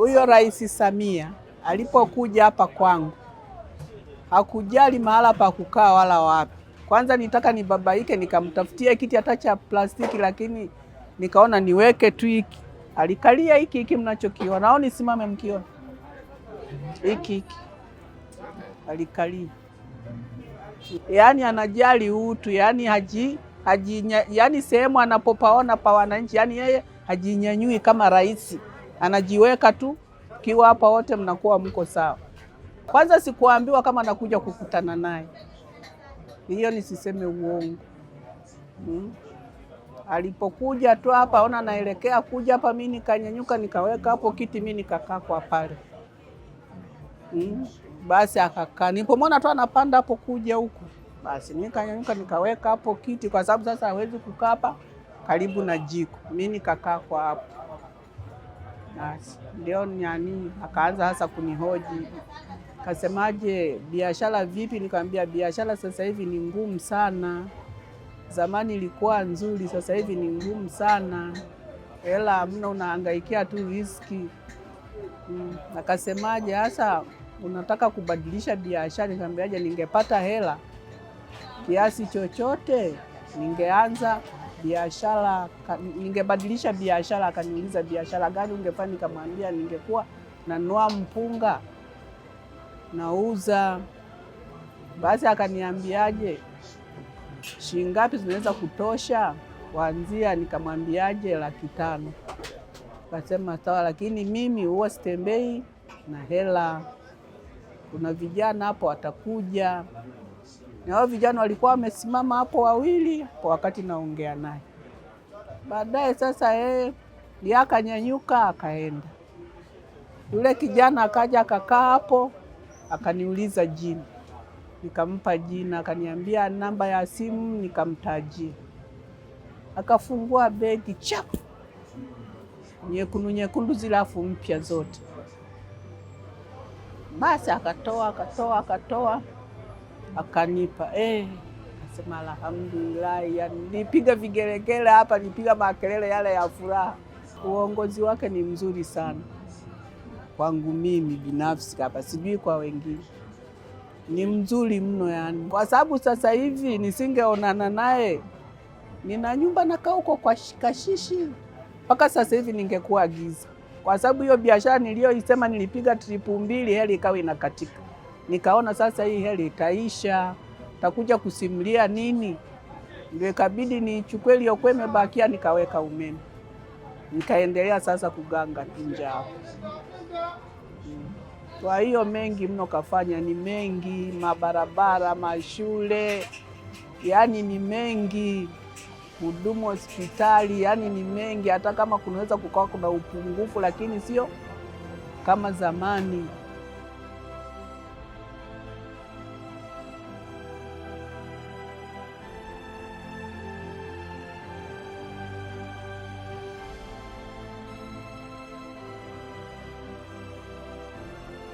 Huyo Rais Samia alipokuja hapa kwangu hakujali mahala pa kukaa wala wapi. Kwanza nitaka nibabaike, nikamtafutia kiti hata cha plastiki, lakini nikaona niweke tu hiki. Alikalia hiki hiki mnachokiona au nisimame mkiona hiki hiki alikalia. Yaani anajali utu, yaani haji, haji, yaani sehemu anapopaona pa wananchi, yaani yeye hajinyanyui kama rais anajiweka tu kiwa hapa, wote mnakuwa mko sawa. Kwanza sikuambiwa kama nakuja kukutana naye, hiyo nisiseme uongo hmm. Alipokuja tu hapa ona naelekea kuja hapa, mimi nikanyanyuka nikaweka hapo kiti, mimi nikakaa kwa pale hmm. Basi akakaa, nilipomwona tu anapanda hapo kuja huku, basi nikanyanyuka nikaweka hapo kiti, kwa sababu sasa hawezi kukaa hapa karibu na jiko, mimi nikakaa kwa hapo ndio nyani akaanza hasa kunihoji, kasemaje, biashara vipi? Nikamwambia biashara sasa hivi ni ngumu sana, zamani ilikuwa nzuri, sasa hivi ni ngumu sana, hela hamna, unahangaikia tu riski. Mm, akasemaje, hasa unataka kubadilisha biashara? Nikamwambiaje, ningepata hela kiasi chochote ningeanza biashara, ningebadilisha biashara. Akaniuliza biashara gani ungefanya? Nikamwambia ningekuwa nanua mpunga nauza. Basi akaniambiaje, shingapi zinaweza kutosha kuanzia? Nikamwambiaje, laki tano. Kasema sawa, lakini mimi huwa sitembei na hela, kuna vijana hapo watakuja na wao vijana walikuwa wamesimama hapo wawili kwa wakati naongea naye. Baadaye sasa yeye ndiye akanyanyuka akaenda, yule kijana akaja akakaa hapo akaniuliza jina, nikampa jina, akaniambia namba ya simu, nikamtajia. Akafungua begi chapu, nyekundu nyekundu, zile mpya zote. Basi akatoa akatoa akatoa akanipa eh, akasema alhamdulillah. Yani nipiga vigelegele hapa, nipiga makelele yale ya furaha. Uongozi wake ni mzuri sana kwangu mimi binafsi hapa, sijui kwa wengine ni mzuri mno yani, kwa sababu sasa hivi nisingeonana naye, nina nyumba nakaa huko kwa Kashishi mpaka sasa hivi ningekuwa giza, kwa sababu hiyo biashara niliyoisema nilipiga tripu mbili, heli ikawa inakatika. Nikaona sasa hii heli itaisha, takuja kusimulia nini? Ndio ikabidi nichukue iliyokuwa imebakia nikaweka umeme, nikaendelea sasa kuganga tu njaa. Kwa hiyo mengi mno kafanya, ni mengi, mabarabara, mashule, yaani ni mengi, hudumu hospitali, yaani ni mengi. Hata kama kunaweza kukawa kuna upungufu, lakini sio kama zamani.